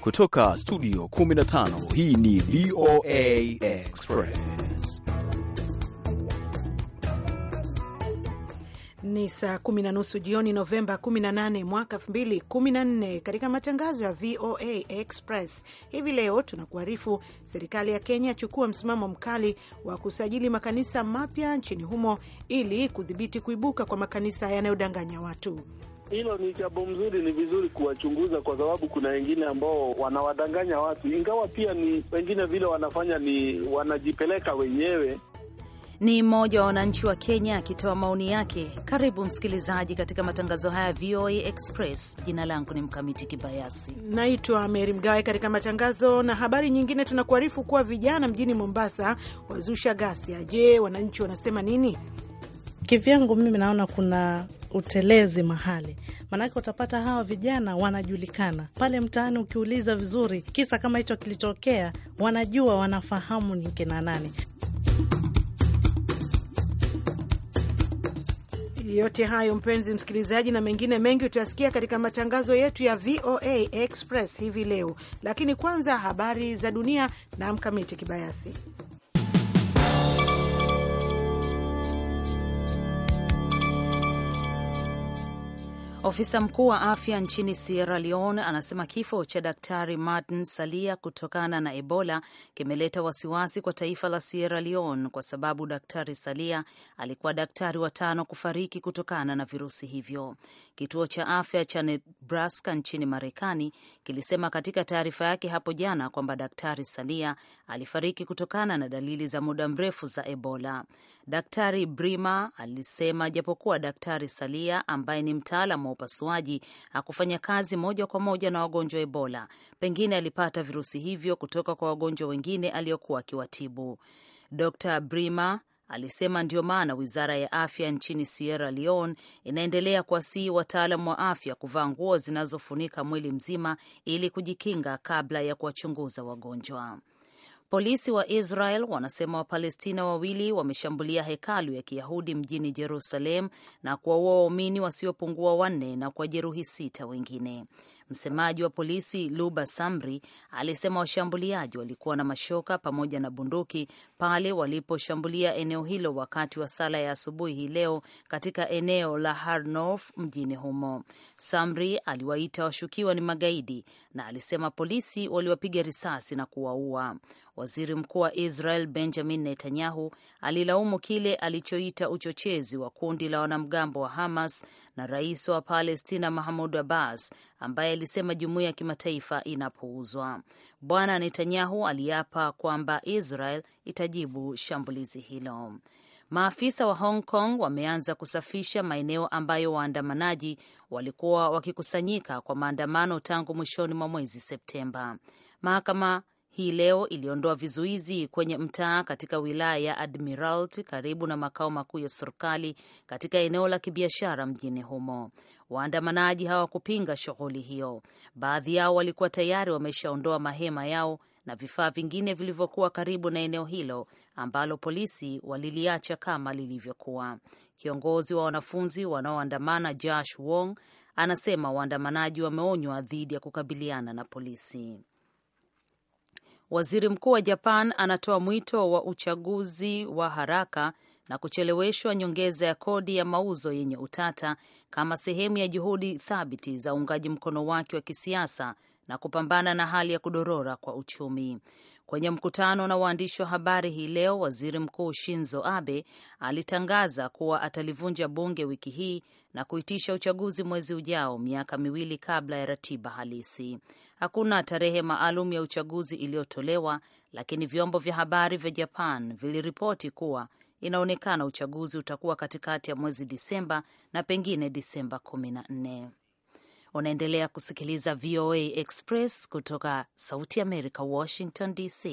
Kutoka studio 15 hii ni VOA Express. Ni saa kumi na nusu jioni, Novemba 18 mwaka 2014. Katika matangazo ya VOA Express hivi leo tunakuarifu serikali ya Kenya achukua msimamo mkali wa kusajili makanisa mapya nchini humo ili kudhibiti kuibuka kwa makanisa yanayodanganya watu hilo ni jambo mzuri, ni vizuri kuwachunguza kwa sababu kuna wengine ambao wanawadanganya watu, ingawa pia ni wengine vile wanafanya ni wanajipeleka wenyewe. Ni mmoja wa wananchi wa Kenya akitoa maoni yake. Karibu msikilizaji katika matangazo haya VOA Express. Jina langu ni Mkamiti Kibayasi, naitwa Meri Mgawe. Katika matangazo na habari nyingine, tunakuarifu kuwa vijana mjini Mombasa wazusha ghasia. Je, wananchi wanasema nini? Kivyangu mimi naona kuna utelezi mahali, maanake utapata hawa vijana wanajulikana pale mtaani. Ukiuliza vizuri, kisa kama hicho kilitokea, wanajua, wanafahamu ni kina nani. Yote hayo mpenzi msikilizaji, na mengine mengi utasikia katika matangazo yetu ya VOA Express hivi leo, lakini kwanza habari za dunia na Mkamiti Kibayasi. Ofisa mkuu wa afya nchini Sierra Leone anasema kifo cha Daktari Martin Salia kutokana na Ebola kimeleta wasiwasi kwa taifa la Sierra Leone kwa sababu Daktari Salia alikuwa daktari wa tano kufariki kutokana na virusi hivyo. Kituo cha afya cha Nebraska nchini Marekani kilisema katika taarifa yake hapo jana kwamba Daktari Salia alifariki kutokana na dalili za muda mrefu za Ebola. Daktari Brima alisema japokuwa Daktari Salia ambaye ni mtaalamu upasuaji hakufanya kazi moja kwa moja na wagonjwa Ebola. Pengine alipata virusi hivyo kutoka kwa wagonjwa wengine aliyokuwa akiwatibu. Dr Brima alisema ndio maana wizara ya afya nchini Sierra Leone inaendelea kuwasihi wataalam wa afya kuvaa nguo zinazofunika mwili mzima ili kujikinga kabla ya kuwachunguza wagonjwa. Polisi wa Israel wanasema Wapalestina wawili wameshambulia hekalu ya Kiyahudi mjini Jerusalem na kuwaua waumini wasiopungua wanne na kuwajeruhi sita wengine. Msemaji wa polisi Luba Samri alisema washambuliaji walikuwa na mashoka pamoja na bunduki pale waliposhambulia eneo hilo wakati wa sala ya asubuhi hii leo katika eneo la Harnof mjini humo. Samri aliwaita washukiwa ni magaidi na alisema polisi waliwapiga risasi na kuwaua. Waziri mkuu wa Israel Benjamin Netanyahu alilaumu kile alichoita uchochezi wa kundi la wanamgambo wa Hamas na rais wa Palestina Mahmud Abbas ambaye alisema jumuiya ya kimataifa inapuuzwa. Bwana Netanyahu aliapa kwamba Israel itajibu shambulizi hilo. Maafisa wa Hong Kong wameanza kusafisha maeneo ambayo waandamanaji walikuwa wakikusanyika kwa maandamano tangu mwishoni mwa mwezi Septemba. Mahakama hii leo iliondoa vizuizi kwenye mtaa katika wilaya ya Admiralty karibu na makao makuu ya serikali katika eneo la kibiashara mjini humo. Waandamanaji hawakupinga shughuli hiyo. Baadhi yao walikuwa tayari wameshaondoa mahema yao na vifaa vingine vilivyokuwa karibu na eneo hilo ambalo polisi waliliacha kama lilivyokuwa. Kiongozi wa wanafunzi wanaoandamana Josh Wong anasema waandamanaji wameonywa dhidi ya kukabiliana na polisi. Waziri mkuu wa Japan anatoa mwito wa uchaguzi wa haraka na kucheleweshwa nyongeza ya kodi ya mauzo yenye utata kama sehemu ya juhudi thabiti za uungaji mkono wake wa kisiasa na kupambana na hali ya kudorora kwa uchumi. Kwenye mkutano na waandishi wa habari hii leo, waziri mkuu Shinzo Abe alitangaza kuwa atalivunja bunge wiki hii na kuitisha uchaguzi mwezi ujao, miaka miwili kabla ya ratiba halisi. Hakuna tarehe maalum ya uchaguzi iliyotolewa, lakini vyombo vya habari vya Japan viliripoti kuwa inaonekana uchaguzi utakuwa katikati ya mwezi Disemba na pengine Disemba kumi na nne. Unaendelea kusikiliza VOA Express kutoka Sauti america Washington DC.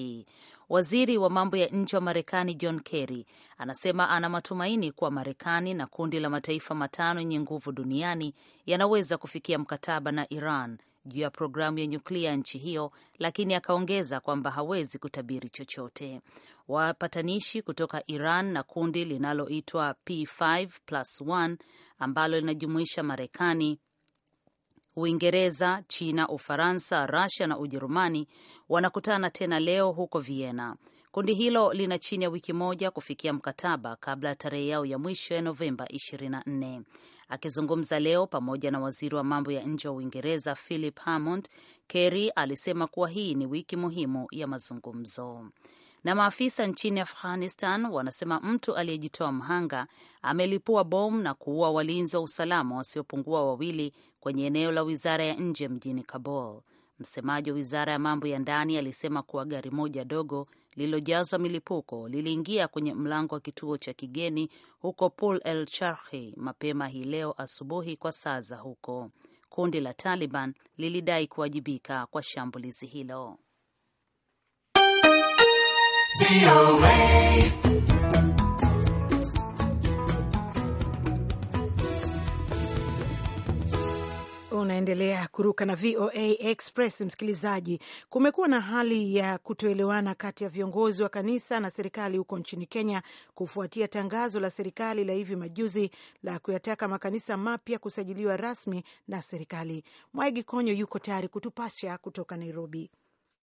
Waziri wa mambo ya nje wa Marekani John Kerry anasema ana matumaini kuwa Marekani na kundi la mataifa matano yenye nguvu duniani yanaweza kufikia mkataba na Iran juu ya programu ya nyuklia ya nchi hiyo, lakini akaongeza kwamba hawezi kutabiri chochote. Wapatanishi kutoka Iran na kundi linaloitwa P5+1 ambalo linajumuisha Marekani, Uingereza, China, Ufaransa, rasia na Ujerumani wanakutana tena leo huko Vienna. Kundi hilo lina chini ya wiki moja kufikia mkataba kabla ya tarehe yao ya mwisho ya Novemba 24. Akizungumza leo pamoja na waziri wa mambo ya nje wa Uingereza Philip Hammond, Kerry alisema kuwa hii ni wiki muhimu ya mazungumzo. Na maafisa nchini Afghanistan wanasema mtu aliyejitoa mhanga amelipua bomu na kuua walinzi wa usalama wasiopungua wawili kwenye eneo la wizara ya nje mjini Kabul. Msemaji wa wizara ya mambo ya ndani alisema kuwa gari moja dogo lililojazwa milipuko liliingia kwenye mlango wa kituo cha kigeni huko Pul El Charhi mapema hii leo asubuhi kwa saa za huko. Kundi la Taliban lilidai kuwajibika kwa shambulizi hilo. unaendelea kuruka na VOA Express. Msikilizaji, kumekuwa na hali ya kutoelewana kati ya viongozi wa kanisa na serikali huko nchini Kenya kufuatia tangazo la serikali la hivi majuzi la kuyataka makanisa mapya kusajiliwa rasmi na serikali. Mwaigi Konyo yuko tayari kutupasha kutoka Nairobi.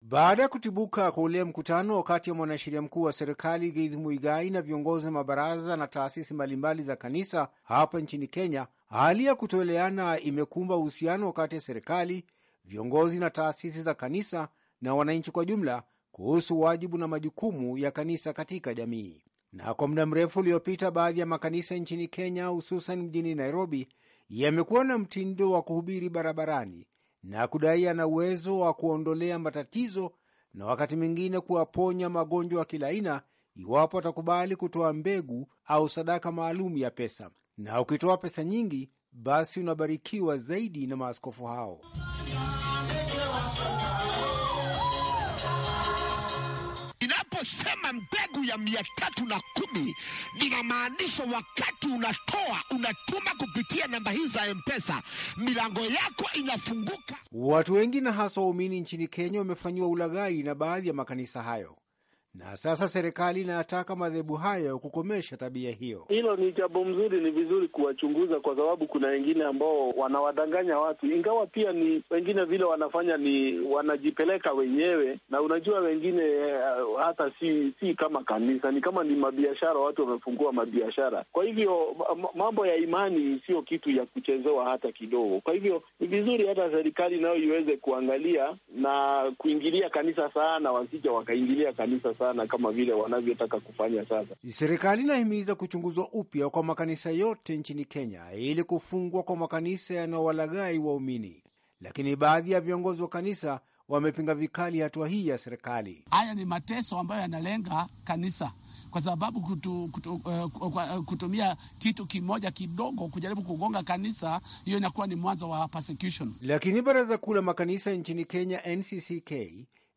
Baada ya kutibuka kwa ule mkutano wakati ya mwanasheria mkuu wa serikali Githu Muigai na viongozi wa mabaraza na taasisi mbalimbali za kanisa hapa nchini Kenya, Hali ya kutoeleana imekumba uhusiano kati ya serikali, viongozi na taasisi za kanisa na wananchi kwa jumla kuhusu wajibu na majukumu ya kanisa katika jamii. Na kwa muda mrefu uliopita, baadhi ya makanisa nchini Kenya, hususan mjini Nairobi, yamekuwa na mtindo wa kuhubiri barabarani na kudai yana uwezo wa kuondolea matatizo na wakati mwingine kuwaponya magonjwa ya kila aina iwapo atakubali kutoa mbegu au sadaka maalum ya pesa na ukitoa pesa nyingi, basi unabarikiwa zaidi na maaskofu hao. Inaposema mbegu ya mia tatu na kumi ninamaanisha wakati unatoa unatuma kupitia namba hii za Mpesa, milango yako inafunguka. Watu wengi na hasa waumini nchini Kenya wamefanyiwa ulaghai na baadhi ya makanisa hayo na sasa serikali inayataka madhehebu hayo kukomesha tabia hiyo. Hilo ni jambo mzuri, ni vizuri kuwachunguza, kwa sababu kuna wengine ambao wanawadanganya watu, ingawa pia ni wengine vile wanafanya ni wanajipeleka wenyewe, na unajua wengine uh, hata si si kama kanisa, ni kama ni mabiashara, watu wamefungua mabiashara. Kwa hivyo mambo ya imani sio kitu ya kuchezewa hata kidogo. Kwa hivyo ni vizuri hata serikali nayo iweze kuangalia na kuingilia kanisa sana, wasija wakaingilia kanisa sana sana kama vile wanavyotaka kufanya sasa. Serikali inahimiza kuchunguzwa upya kwa makanisa yote nchini Kenya ili kufungwa kwa makanisa yanayowalaghai waumini, lakini baadhi ya viongozi wa kanisa wamepinga vikali hatua hii ya serikali. Haya ni mateso ambayo yanalenga kanisa kwa sababu kutu, kutu, uh, kutumia kitu kimoja kidogo kujaribu kugonga kanisa, hiyo inakuwa ni mwanzo wa persecution. Lakini baraza kuu la makanisa nchini Kenya, NCCK,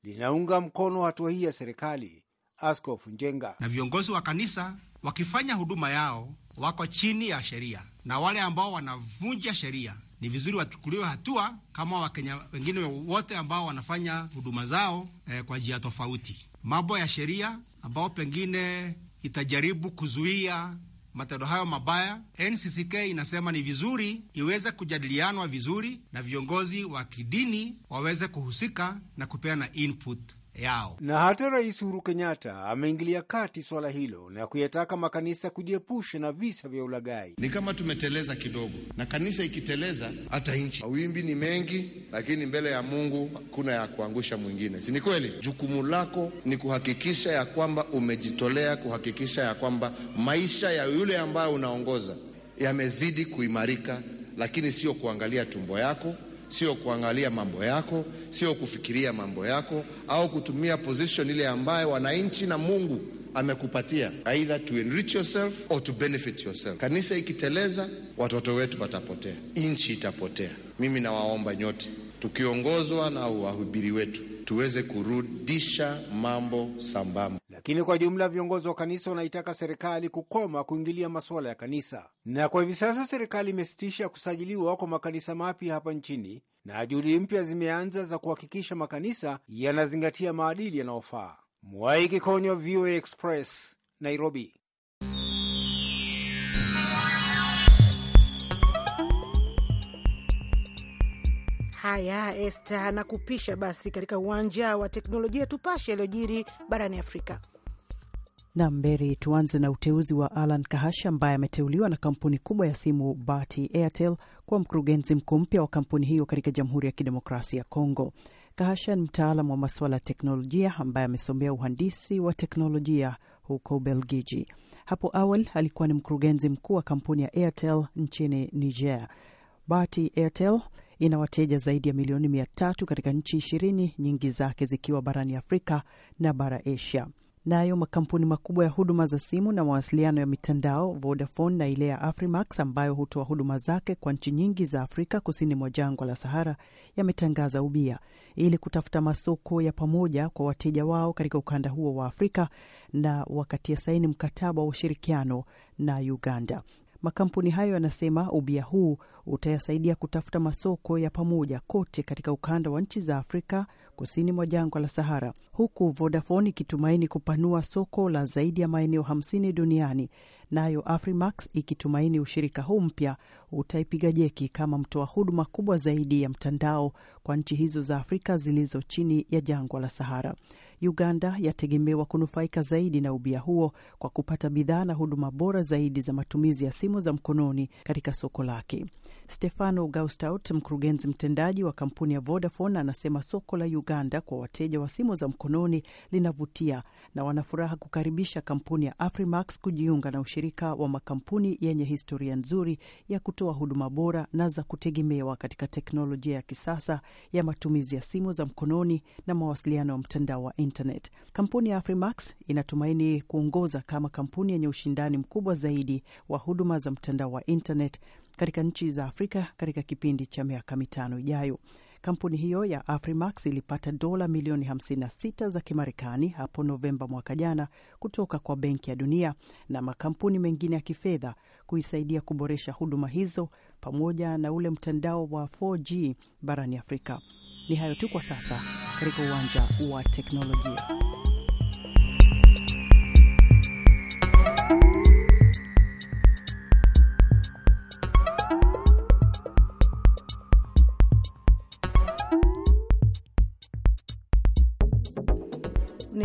linaunga mkono hatua hii ya serikali. Askofu Njenga: na viongozi wa kanisa wakifanya huduma yao wako chini ya sheria, na wale ambao wanavunja sheria ni vizuri wachukuliwe hatua kama Wakenya wengine wote ambao wanafanya huduma zao eh, kwa njia tofauti. Mambo ya sheria ambao pengine itajaribu kuzuia matendo hayo mabaya, NCCK inasema ni vizuri iweze kujadilianwa vizuri na viongozi wa kidini waweze kuhusika na kupeana input yao. Na hata Rais Uhuru Kenyatta ameingilia kati swala hilo na kuyataka makanisa kujiepusha na visa vya ulagai Ni kama tumeteleza kidogo, na kanisa ikiteleza hata nchi. Mawimbi ni mengi, lakini mbele ya Mungu hakuna ya kuangusha mwingine, si ni kweli? Jukumu lako ni kuhakikisha ya kwamba umejitolea kuhakikisha ya kwamba maisha ya yule ambayo unaongoza yamezidi kuimarika, lakini sio kuangalia tumbo yako sio kuangalia mambo yako, sio kufikiria mambo yako au kutumia position ile ambayo wananchi na Mungu amekupatia either to enrich yourself or to benefit yourself. Kanisa ikiteleza, watoto wetu watapotea, nchi itapotea. Mimi nawaomba nyote, tukiongozwa na wahubiri wetu tuweze kurudisha mambo sambamba. Lakini kwa jumla viongozi wa kanisa wanaitaka serikali kukoma kuingilia masuala ya kanisa. Na kwa hivi sasa serikali imesitisha kusajiliwa kwa makanisa mapya hapa nchini na juhudi mpya zimeanza za kuhakikisha makanisa yanazingatia maadili yanayofaa. Mwai Kikonyo, VOA Express, Nairobi. Haya Esta, na kupisha basi katika uwanja wa teknolojia, tupashe yaliyojiri barani Afrika. Nam Beri, tuanze na uteuzi wa Alan Kahasha ambaye ameteuliwa na kampuni kubwa ya simu Bharti Airtel kuwa mkurugenzi mkuu mpya wa kampuni hiyo katika Jamhuri ya Kidemokrasia ya Kongo. Kahasha ni mtaalam wa masuala ya teknolojia ambaye amesomea uhandisi wa teknolojia huko Ubelgiji. Hapo awali alikuwa ni mkurugenzi mkuu wa kampuni ya Airtel nchini Niger. Bharti Airtel ina wateja zaidi ya milioni mia tatu katika nchi ishirini, nyingi zake zikiwa barani Afrika na bara Asia. Nayo makampuni makubwa ya huduma za simu na mawasiliano ya mitandao Vodafone na ile ya Afrimax ambayo hutoa huduma zake kwa nchi nyingi za Afrika kusini mwa jangwa la Sahara yametangaza ubia ili kutafuta masoko ya pamoja kwa wateja wao katika ukanda huo wa Afrika na wakatia saini mkataba wa ushirikiano na Uganda. Makampuni hayo yanasema ubia huu utayasaidia kutafuta masoko ya pamoja kote katika ukanda wa nchi za Afrika kusini mwa jangwa la Sahara, huku Vodafone ikitumaini kupanua soko la zaidi ya maeneo 50 duniani, nayo Afrimax ikitumaini ushirika huu mpya utaipiga jeki kama mtoa huduma kubwa zaidi ya mtandao kwa nchi hizo za Afrika zilizo chini ya jangwa la Sahara. Uganda yategemewa kunufaika zaidi na ubia huo kwa kupata bidhaa na huduma bora zaidi za matumizi ya simu za mkononi katika soko lake. Stefano Gaustaut, mkurugenzi mtendaji wa kampuni ya Vodafone, anasema soko la Uganda kwa wateja wa simu za mkononi linavutia na wanafuraha kukaribisha kampuni ya Afrimax kujiunga na ushirika wa makampuni yenye historia nzuri ya kutoa huduma bora na za kutegemewa katika teknolojia ya kisasa ya matumizi ya simu za mkononi na mawasiliano ya mtandao wa internet. Kampuni ya Afrimax inatumaini kuongoza kama kampuni yenye ushindani mkubwa zaidi wa huduma za mtandao wa internet katika nchi za Afrika katika kipindi cha miaka mitano ijayo. Kampuni hiyo ya Afrimax ilipata dola milioni 56 za Kimarekani hapo Novemba mwaka jana kutoka kwa Benki ya Dunia na makampuni mengine ya kifedha kuisaidia kuboresha huduma hizo pamoja na ule mtandao wa 4G barani Afrika. Ni hayo tu kwa sasa katika uwanja wa teknolojia.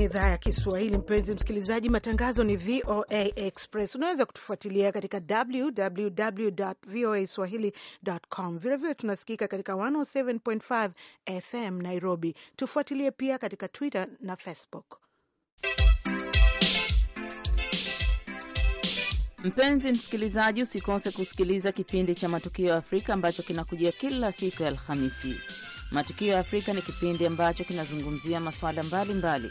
idhaa ya Kiswahili. Mpenzi msikilizaji, matangazo ni VOA Express. Unaweza kutufuatilia katika www voa swahili.com. Vilevile tunasikika katika 107.5 FM Nairobi. Tufuatilie pia katika Twitter na Facebook. Mpenzi msikilizaji, usikose kusikiliza kipindi cha Matukio ya Afrika ambacho kinakujia kila siku ya Alhamisi. Matukio ya Afrika ni kipindi ambacho kinazungumzia masuala mbalimbali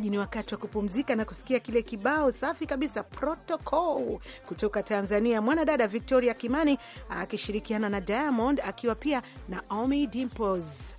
msikilizaji, ni wakati wa kupumzika na kusikia kile kibao safi kabisa protocol kutoka Tanzania, mwanadada Victoria Kimani akishirikiana na Diamond akiwa pia Naomi Dimples.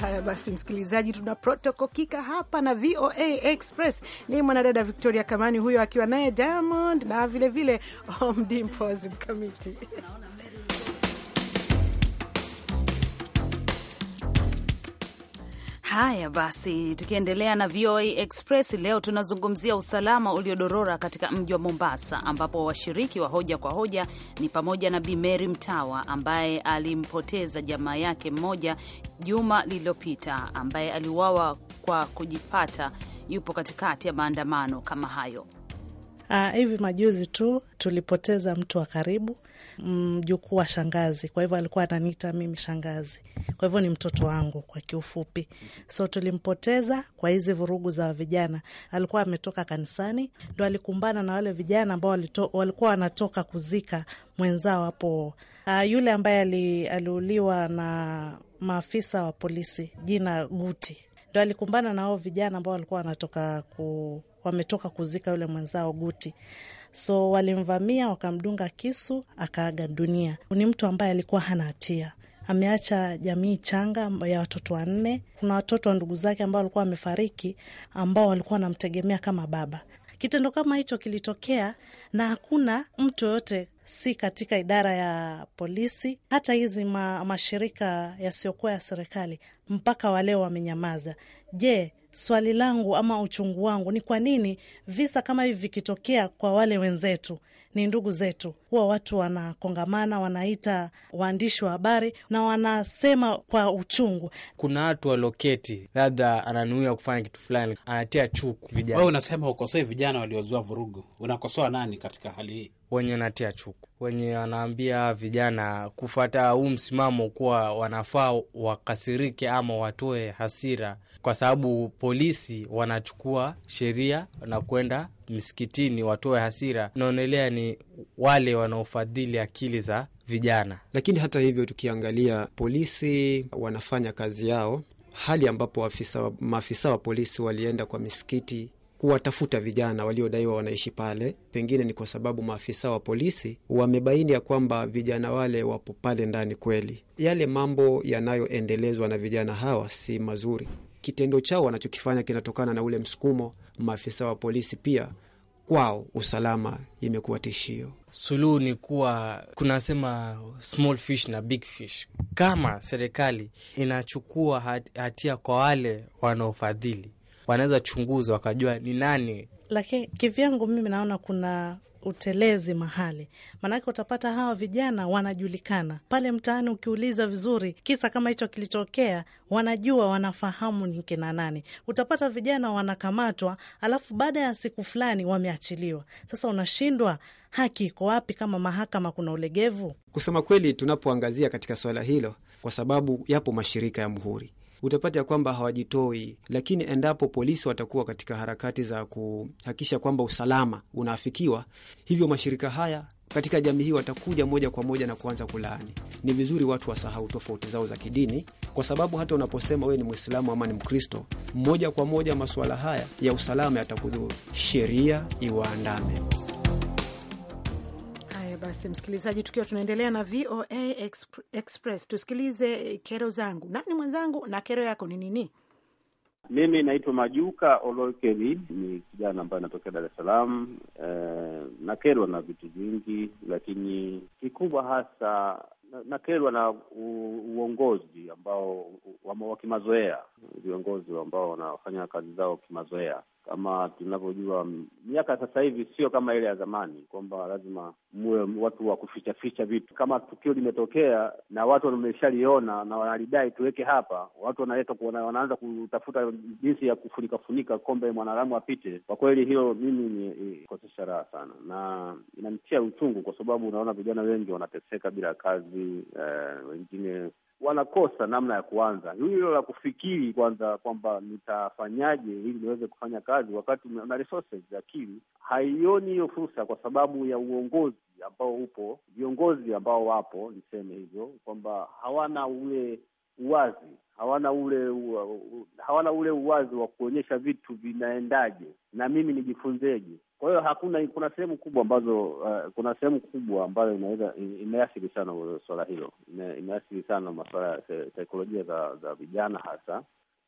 Haya basi, msikilizaji, tuna protoko kika hapa na VOA Express. Ni mwanadada Victoria Kamani huyo akiwa naye Diamond na vilevile Omdimpos Mkamiti Haya basi, tukiendelea na VOA Express leo tunazungumzia usalama uliodorora katika mji wa Mombasa, ambapo washiriki wa hoja kwa hoja ni pamoja na Bimeri Mtawa ambaye alimpoteza jamaa yake mmoja juma lililopita, ambaye aliuawa kwa kujipata, yupo katikati ya maandamano kama hayo. Ah, hivi majuzi tu tulipoteza mtu wa karibu mjukuu mm, wa shangazi, kwa hivyo alikuwa ananiita mimi shangazi, kwa hivyo ni mtoto wangu kwa kiufupi. So tulimpoteza kwa hizi vurugu za vijana. Alikuwa ametoka kanisani, ndo alikumbana na wale vijana ambao walikuwa wanatoka kuzika mwenzao hapo. Uh, yule ambaye ali, aliuliwa na maafisa wa polisi, jina Guti, ndo alikumbana na hao vijana ambao walikuwa wanatoka ku wametoka kuzika yule mwenzao Guti. So walimvamia wakamdunga kisu, akaaga dunia. Ni mtu ambaye alikuwa hana hatia, ameacha jamii changa ya watoto wanne. Kuna watoto wa ndugu zake ambao walikuwa wamefariki, ambao walikuwa wanamtegemea kama baba. Kitendo kama hicho kilitokea na hakuna mtu yoyote si katika idara ya polisi, hata hizi ma mashirika yasiyokuwa ya serikali, mpaka waleo wamenyamaza. Je, swali langu ama uchungu wangu ni kwa nini visa kama hivi vikitokea kwa wale wenzetu ni ndugu zetu. Huwa watu wanakongamana, wanaita waandishi wa habari na wanasema kwa uchungu. Kuna watu waloketi, labda ananuia kufanya kitu fulani, anatia chuku vijana. Wewe unasema ukosoe vijana waliozua vurugu, unakosoa nani katika hali hii? wenye wanatia chuku, wenye wanaambia vijana kufuata huu msimamo kuwa wanafaa wakasirike ama watoe hasira, kwa sababu polisi wanachukua sheria na kwenda msikitini watoe hasira, naonelea ni wale wanaofadhili akili za vijana. Lakini hata hivyo, tukiangalia polisi wanafanya kazi yao, hali ambapo maafisa wa polisi walienda kwa misikiti kuwatafuta vijana waliodaiwa wanaishi pale, pengine ni kwa sababu maafisa wa polisi wamebaini ya kwamba vijana wale wapo pale ndani kweli. Yale mambo yanayoendelezwa na vijana hawa si mazuri. Kitendo chao wanachokifanya kinatokana na ule msukumo maafisa wa polisi pia kwao usalama imekuwa tishio. Suluhu ni kuwa kunasema small fish na big fish. Kama serikali inachukua hatia kwa wale wanaofadhili, wanaweza chunguza wakajua ni nani. Lakini kivyangu mimi naona kuna utelezi mahali, maanake utapata hawa vijana wanajulikana pale mtaani. Ukiuliza vizuri kisa kama hicho kilitokea, wanajua, wanafahamu ni kina nani. Utapata vijana wanakamatwa, alafu baada ya siku fulani wameachiliwa. Sasa unashindwa haki iko wapi kama mahakama kuna ulegevu? Kusema kweli, tunapoangazia katika swala hilo, kwa sababu yapo mashirika ya mhuri utapata ya kwamba hawajitoi, lakini endapo polisi watakuwa katika harakati za kuhakikisha kwamba usalama unaafikiwa, hivyo mashirika haya katika jamii hii watakuja moja kwa moja na kuanza kulaani. Ni vizuri watu wasahau tofauti zao za kidini, kwa sababu hata unaposema wewe ni Mwislamu ama ni Mkristo, moja kwa moja masuala haya ya usalama yatakudhuru. Sheria iwaandame. Basi msikilizaji, tukiwa tunaendelea na VOA Express, tusikilize kero zangu. Nani mwenzangu, na kero yako ni nini? Mimi naitwa Majuka Olokeli, ni kijana ambaye anatokea Dar es Salaam. E, nakerwa na vitu vingi, lakini kikubwa hasa nakerwa na uongozi ambao wa kimazoea, viongozi ambao wanafanya kazi zao kimazoea. Kama tunavyojua mm, miaka sasa hivi sio kama ile ya zamani, kwamba lazima muwe watu wa kufichaficha vitu. Kama tukio limetokea na watu wameshaliona na wanalidai tuweke hapa, watu wanaleta wanaanza kutafuta jinsi ya kufunikafunika kombe mwanadamu apite. Kwa kweli, hiyo mimi ni kosesha raha sana, na inanitia uchungu, kwa sababu unaona vijana wengi wanateseka bila kazi, eh, wengine wanakosa namna ya kuanza hilo la kufikiri kwanza kwamba nitafanyaje ili niweze kufanya kazi, wakati na resources akili haioni hiyo fursa, kwa sababu ya uongozi ambao upo, viongozi ambao wapo, niseme hivyo kwamba hawana ule uwazi hawana ule hawana ule uwazi wa kuonyesha vitu vinaendaje na mimi nijifunzeje. Kwa hiyo hakuna, kuna sehemu kubwa ambazo uh, kuna sehemu kubwa ambayo inaweza imeathiri sana swala hilo, imeathiri sana masuala ya saikolojia za, za vijana hasa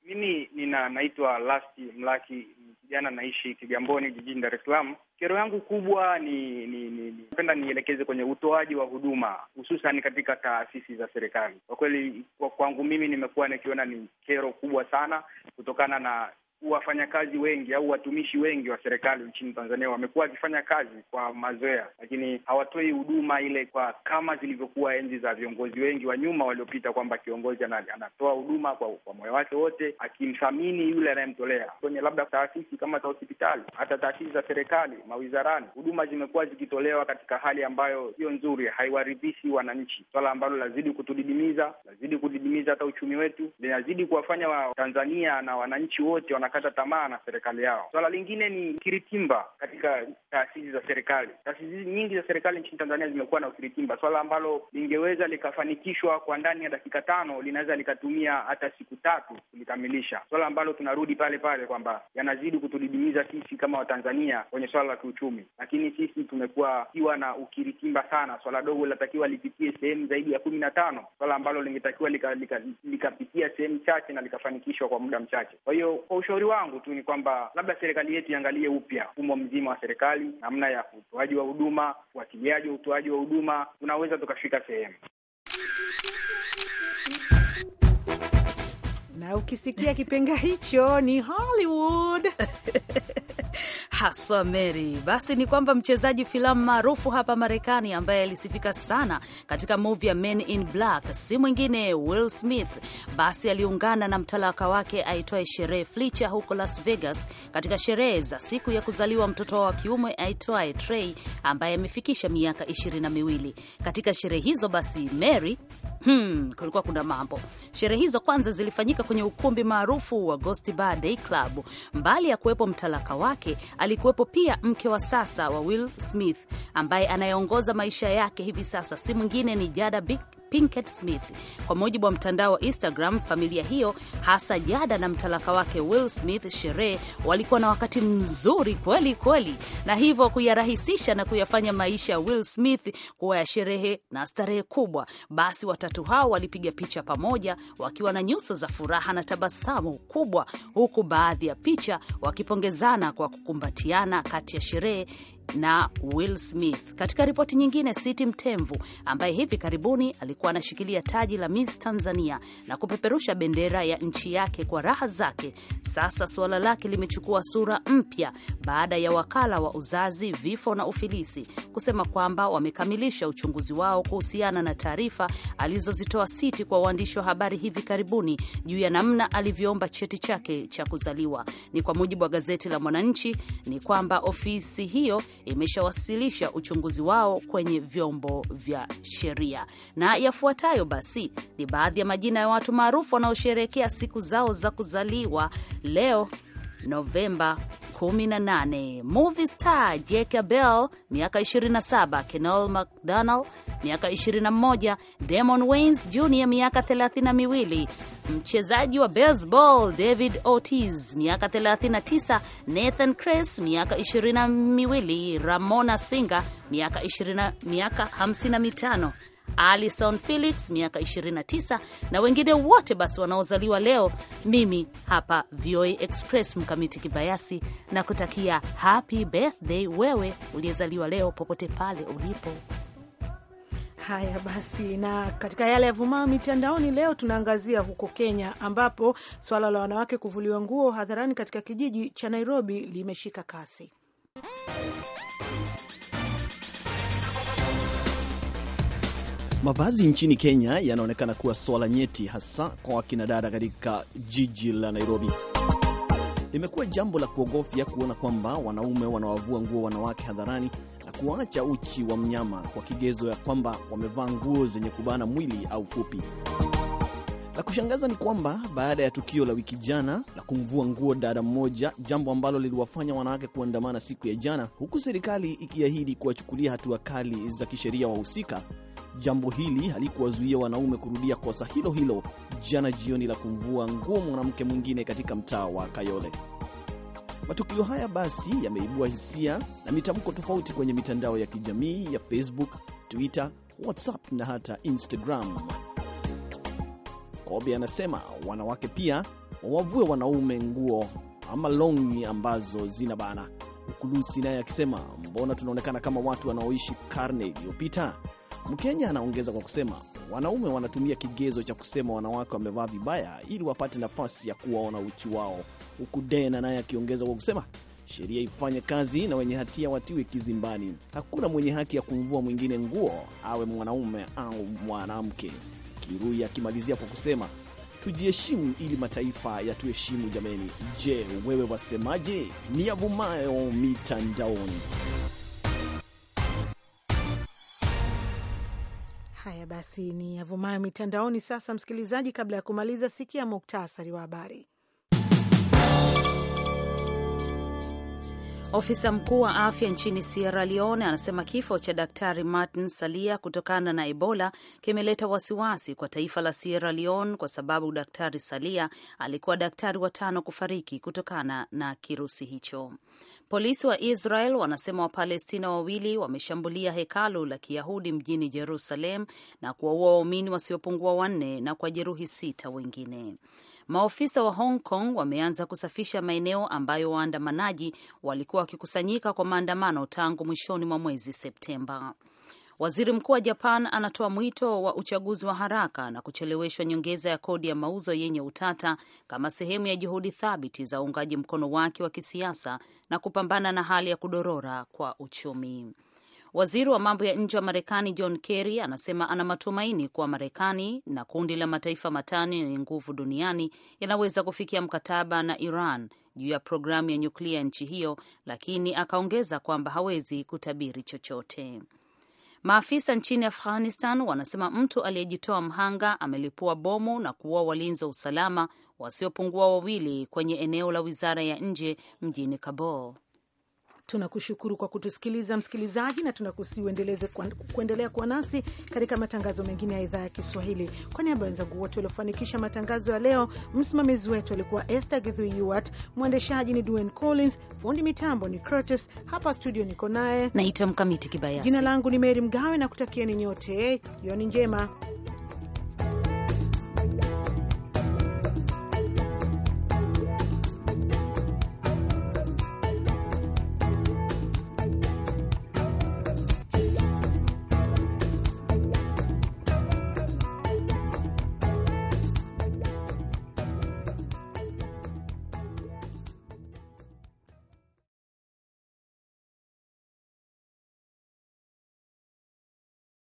mimi nina naitwa Lasti Mlaki, ni kijana naishi Kigamboni jijini Dar es Salaam. Kero yangu kubwa ni ni napenda ni, nielekeze kwenye utoaji wa huduma hususan katika taasisi za serikali. Kwa kweli, kwa kwangu mimi nimekuwa nikiona ni kero kubwa sana kutokana na wafanyakazi wengi au watumishi wengi wa serikali nchini Tanzania wamekuwa wakifanya kazi kwa mazoea, lakini hawatoi huduma ile kwa kama zilivyokuwa enzi za viongozi wengi wa nyuma waliopita, kwamba kiongozi anatoa huduma kwa, kwa moyo wake wote, akimthamini yule anayemtolea kwenye labda taasisi kama za hospitali, hata taasisi za serikali, mawizarani. Huduma zimekuwa zikitolewa katika hali ambayo sio nzuri, haiwaridhishi wananchi, swala ambalo lazidi kutudidimiza, lazidi kudidimiza hata uchumi wetu, linazidi kuwafanya Watanzania na wananchi wote wana wanakata tamaa na serikali yao. Swala lingine ni kiritimba katika taasisi za serikali. Taasisi nyingi za serikali nchini Tanzania zimekuwa na ukiritimba, swala ambalo lingeweza likafanikishwa kwa ndani ya dakika tano linaweza likatumia hata siku tatu kulikamilisha, swala ambalo tunarudi pale pale kwamba yanazidi kutudidimiza sisi kama Watanzania kwenye swala la kiuchumi, lakini sisi tumekuwa kiwa na ukiritimba sana. Swala dogo linatakiwa lipitie sehemu zaidi ya kumi na tano, swala ambalo lingetakiwa likapitia lika, lika sehemu chache na likafanikishwa kwa muda mchache. Kwa hiyo kwa ushauri wangu tu ni kwamba labda serikali yetu iangalie upya mfumo mzima wa serikali, namna ya utoaji wa huduma, ufuatiliaji wa utoaji wa huduma, tunaweza tukafika sehemu na ukisikia kipenga hicho ni Hollywood haswa Mary. Basi ni kwamba mchezaji filamu maarufu hapa Marekani ambaye alisifika sana katika movie ya Men in Black si mwingine Will Smith. Basi aliungana na mtalaka wake aitwaye Sherehe Fletcher huko Las Vegas katika sherehe za siku ya kuzaliwa mtoto wa kiume aitwaye Trey ambaye amefikisha miaka ishirini na miwili. Katika sherehe hizo basi Mary Hmm, kulikuwa kuna mambo. Sherehe hizo kwanza zilifanyika kwenye ukumbi maarufu wa Ghost Bar Day Club. Mbali ya kuwepo mtalaka wake Alikuwepo pia mke wa sasa wa Will Smith ambaye anayeongoza maisha yake hivi sasa si mwingine ni Jada Pinkett Pinkett Smith. Kwa mujibu wa mtandao wa Instagram, familia hiyo hasa Jada na mtalaka wake Will Smith Sheree walikuwa na wakati mzuri kweli kweli, na hivyo kuyarahisisha na kuyafanya maisha ya Will Smith kuwa ya sherehe na starehe kubwa. Basi watatu hao walipiga picha pamoja wakiwa na nyuso za furaha na tabasamu kubwa, huku baadhi ya picha wakipongezana kwa kukumbatiana kati ya sherehe na Will Smith. Katika ripoti nyingine, Siti Mtemvu ambaye hivi karibuni alikuwa anashikilia taji la Miss Tanzania na kupeperusha bendera ya nchi yake kwa raha zake, sasa suala lake limechukua sura mpya baada ya wakala wa uzazi, vifo na ufilisi kusema kwamba wamekamilisha uchunguzi wao kuhusiana na taarifa alizozitoa Siti kwa waandishi wa habari hivi karibuni juu ya namna alivyoomba cheti chake cha kuzaliwa. Ni kwa mujibu wa gazeti la Mwananchi ni kwamba ofisi hiyo imeshawasilisha uchunguzi wao kwenye vyombo vya sheria. Na yafuatayo basi ni baadhi ya majina ya watu maarufu wanaosherehekea siku zao za kuzaliwa leo Novemba 18. Movie star Jake Bell miaka 27, Kenol McDonald miaka 21, Damon Wayans Jr miaka 32, mchezaji wa baseball David Ortiz miaka 39, Nathan Chris miaka 22, Ramona Singer miaka 20, miaka 55 Alison Felix miaka 29 na wengine wote basi wanaozaliwa leo. Mimi hapa VOA Express mkamiti kibayasi na kutakia happy birthday wewe uliyezaliwa leo popote pale ulipo. Haya basi, na katika yale yavumayo mitandaoni leo tunaangazia huko Kenya, ambapo swala la wanawake kuvuliwa nguo hadharani katika kijiji cha Nairobi limeshika kasi. Mavazi nchini Kenya yanaonekana kuwa swala nyeti, hasa kwa wakinadada katika jiji la Nairobi. Imekuwa jambo la kuogofya kuona kwamba wanaume wanawavua nguo wanawake hadharani na kuwaacha uchi wa mnyama kwa kigezo ya kwamba wamevaa nguo zenye kubana mwili au fupi. La kushangaza ni kwamba baada ya tukio la wiki jana la kumvua nguo dada mmoja, jambo ambalo liliwafanya wanawake kuandamana siku ya jana, huku serikali ikiahidi kuwachukulia hatua kali za kisheria wahusika, Jambo hili halikuwazuia wanaume kurudia kosa hilo hilo jana jioni la kumvua nguo mwanamke mwingine katika mtaa wa Kayole. Matukio haya basi yameibua hisia na mitamko tofauti kwenye mitandao ya kijamii ya Facebook, Twitter, WhatsApp na hata Instagram. Kobe anasema wanawake pia wawavue wanaume nguo ama longi ambazo zina bana. Ukulusi naye akisema mbona tunaonekana kama watu wanaoishi karne iliyopita? Mkenya anaongeza kwa kusema wanaume wanatumia kigezo cha kusema wanawake wamevaa vibaya ili wapate nafasi ya kuwaona uchi wao, huku Dena naye akiongeza kwa kusema sheria ifanye kazi na wenye hatia watiwe kizimbani. Hakuna mwenye haki ya kumvua mwingine nguo, awe mwanaume au mwanamke. Kirui akimalizia kwa kusema tujiheshimu ili mataifa yatuheshimu jameni. Je, wewe wasemaje? Ni yavumayo mitandaoni. Haya basi, ni yavumayo mitandaoni. Sasa msikilizaji, kabla ya kumaliza, sikia muktasari wa habari. Ofisa mkuu wa afya nchini Sierra Leone anasema kifo cha Daktari Martin Salia kutokana na Ebola kimeleta wasiwasi kwa taifa la Sierra Leone kwa sababu Daktari Salia alikuwa daktari wa tano kufariki kutokana na kirusi hicho. Polisi wa Israel wanasema Wapalestina wawili wameshambulia hekalu la Kiyahudi mjini Jerusalem na kuwaua waumini wasiopungua wanne na kwa jeruhi sita wengine. Maofisa wa Hong Kong wameanza kusafisha maeneo ambayo waandamanaji walikuwa wakikusanyika kwa maandamano tangu mwishoni mwa mwezi Septemba. Waziri mkuu wa Japan anatoa mwito wa uchaguzi wa haraka na kucheleweshwa nyongeza ya kodi ya mauzo yenye utata kama sehemu ya juhudi thabiti za uungaji mkono wake wa kisiasa na kupambana na hali ya kudorora kwa uchumi. Waziri wa mambo ya nje wa Marekani John Kerry anasema ana matumaini kuwa Marekani na kundi la mataifa matano yenye nguvu duniani yanaweza kufikia mkataba na Iran juu ya programu ya nyuklia ya nchi hiyo, lakini akaongeza kwamba hawezi kutabiri chochote. Maafisa nchini Afghanistan wanasema mtu aliyejitoa mhanga amelipua bomu na kuua walinzi wa usalama wasiopungua wawili kwenye eneo la wizara ya nje mjini Kabul. Tunakushukuru kwa kutusikiliza msikilizaji, na uendeleze kuendelea kuwa nasi katika matangazo mengine ya idhaa ya Kiswahili. Kwa niaba ya wenzangu wote waliofanikisha matangazo ya leo, msimamizi wetu alikuwa Esther Githuiwat, mwendeshaji ni Dwayne Collins, fundi mitambo ni Curtis. Hapa studio niko naye naitwa Mkamiti Kibayasi. Jina langu ni Meri Mgawe na kutakieni nyote jioni njema.